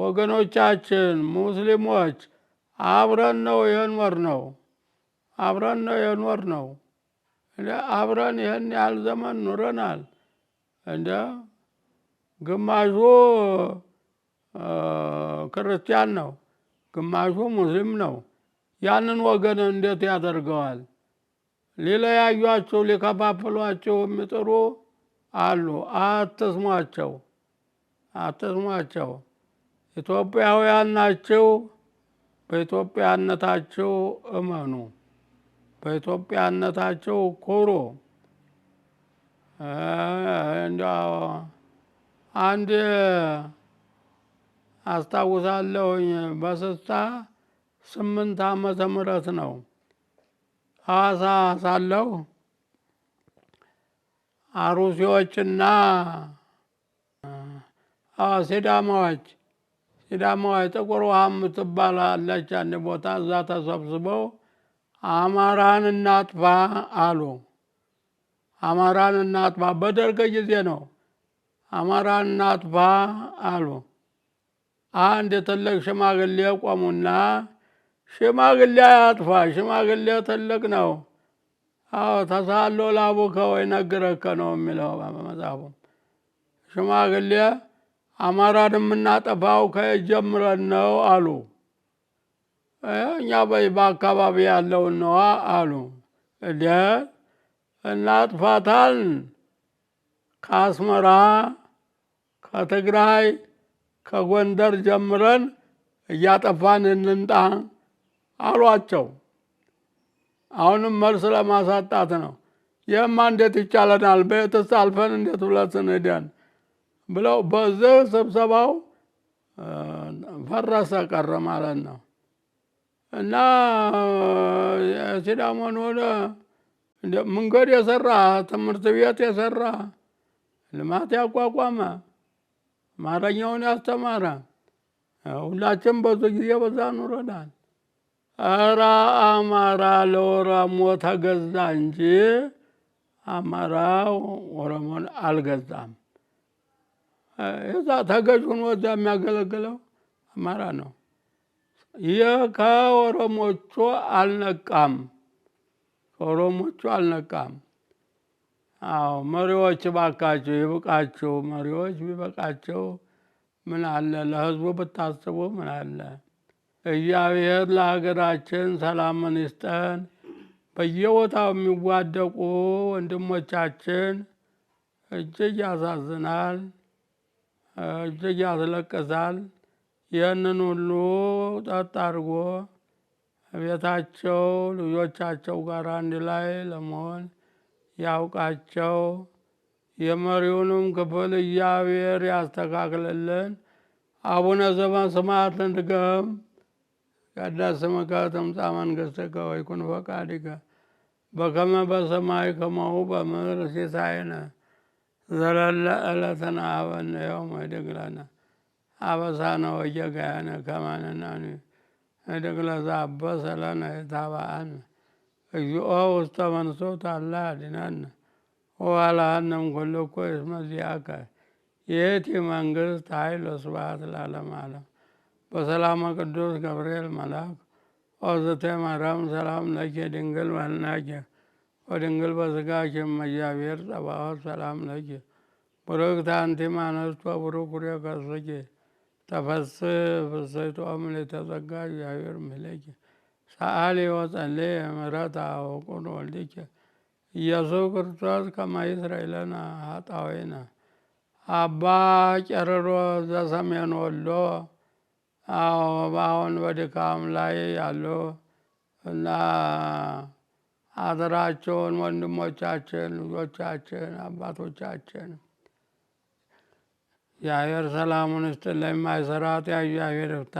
ወገኖቻችን ሙስሊሞች አብረን ነው የኖር ነው አብረን ነው የኖር ነው አብረን ይህን ያህል ዘመን ኑረናል። እንደ ግማሹ ክርስቲያን ነው፣ ግማሹ ሙስሊም ነው። ያንን ወገን እንዴት ያደርገዋል? ሊለያዩአችሁ ሊከፋፍሏችሁ የሚጥሩ አሉ። አትስሟቸው፣ አትስሟቸው። ኢትዮጵያውያን ናቸው። በኢትዮጵያነታችሁ እመኑ፣ በኢትዮጵያነታችሁ ኩሩ። አንድ አስታውሳለሁኝ በስልሳ ስምንት ዓመተ ምህረት ነው ሐዋሳ ሳለሁ አሩሲዎችና ሲዳማዎች ሲዳማዋ የጥቁር ውሃ የምትባላለች አንድ ቦታ። እዛ ተሰብስበው አማራን እናጥፋ አሉ። አማራን እናጥፋ በደርግ ጊዜ ነው። አማራን እናጥፋ አሉ። አንድ ትልቅ ሽማግሌ ቆሙና ሽማግሌ አያጥፋ፣ ሽማግሌ ትልቅ ነው። አዎ ተሳሎ ላቡከ ወይ ነግረከ ነው የሚለው መጽሐፉ ሽማግሌ አማራን የምናጠፋው ከጀምረን ነው አሉ። እኛ በአካባቢ ያለውን ነዋ አሉ። እደ እናጥፋታልን ከአስመራ ከትግራይ ከጎንደር ጀምረን እያጠፋን እንንጣ አሏቸው። አሁንም መልስ ለማሳጣት ነው። ይህማ እንዴት ይቻለናል? በየትስ አልፈን እንዴት ሁለት ስንሄደን ብለው በዚህ ስብሰባው ፈረሰ ቀረ ማለት ነው። እና ሲዳሞን ወደ መንገድ የሰራ ትምህርት ቤት የሰራ ልማት ያቋቋመ አማርኛውን ያስተማረ ሁላችን በዙ ጊዜ በዛ ኑረናል። እረ አማራ ለኦሮሞ ተገዛ እንጂ አማራ ኦሮሞን አልገዛም። እዛ ተገዥ ሆኖ እዛ የሚያገለግለው አማራ ነው። ይህ ከኦሮሞቹ አልነቃም፣ ከኦሮሞቹ አልነቃም። አዎ መሪዎች ባካቸው ይብቃቸው፣ መሪዎች ቢበቃቸው ምን አለ ለህዝቡ ብታስቡ ምን አለ። እግዚአብሔር ለሀገራችን ሰላምን ይስጠን። በየቦታው የሚዋደቁ ወንድሞቻችን እጅግ ያሳዝናል። እጅግ ያስለቅሳል። ይህንን ሁሉ ጠጥ አድርጎ ቤታቸው ልጆቻቸው ጋር አንድ ላይ ለመሆን ያውቃቸው። የመሪውንም ክፍል እግዚአብሔር ያስተካክልልን። አቡነ ዘበሰማያት ልንድገም ይትቀደስ ስምከ ትምጻእ መንግሥትከ ወይኩን ፈቃድከ በከመ በሰማይ ከማሁ በምድር ሲሳየነ ዘለለ ዕለትነ ሀበነ ዮም እድግለነ አበሳነ ወጌጋየነ ከማንናኒ እድግለ ዘአበሰ ለነ ኢታብአነ እግዚኦ ውስተ መንሱት አላ ያድኅነነ ወባልሐነ እምኩልኩ እስመ የቲ መንግስት መንግሥት ኃይል ወስብሐት ለዓለመ ዓለም በሰላመ ቅዱስ ገብርኤል መልአክ ኦዝቴ ማርያም ሰላም ለኪ ድንግል ወህልናኪ ወድንግል በስጋሽ እመእግዚአብሔር ጸባኦት ሰላም ለኪ ብርክት አንቲ እምአንስቶ ቡሩክ ፍሬ ከርሥኪ ተፈሥሒ ፍሥሕቶ ምልዕተ ጸጋ እግዚአብሔር እምይእዜኪ ሰአሊ ወጸልዪ ምሕረተ ወቁን ወልድኪ ኢየሱስ ክርስቶስ ከመ ይስረይ ኃጣውኢነ አባ ጨረሮ ዘሰሜን ወሎ አሁን በድካም ላይ ያሉ እና አደራቸውን ወንድሞቻችን፣ ልጆቻችን፣ አባቶቻችን የአየር ሰላሙን ስጥ ለማይሰራት የእግዚአብሔር ፍታ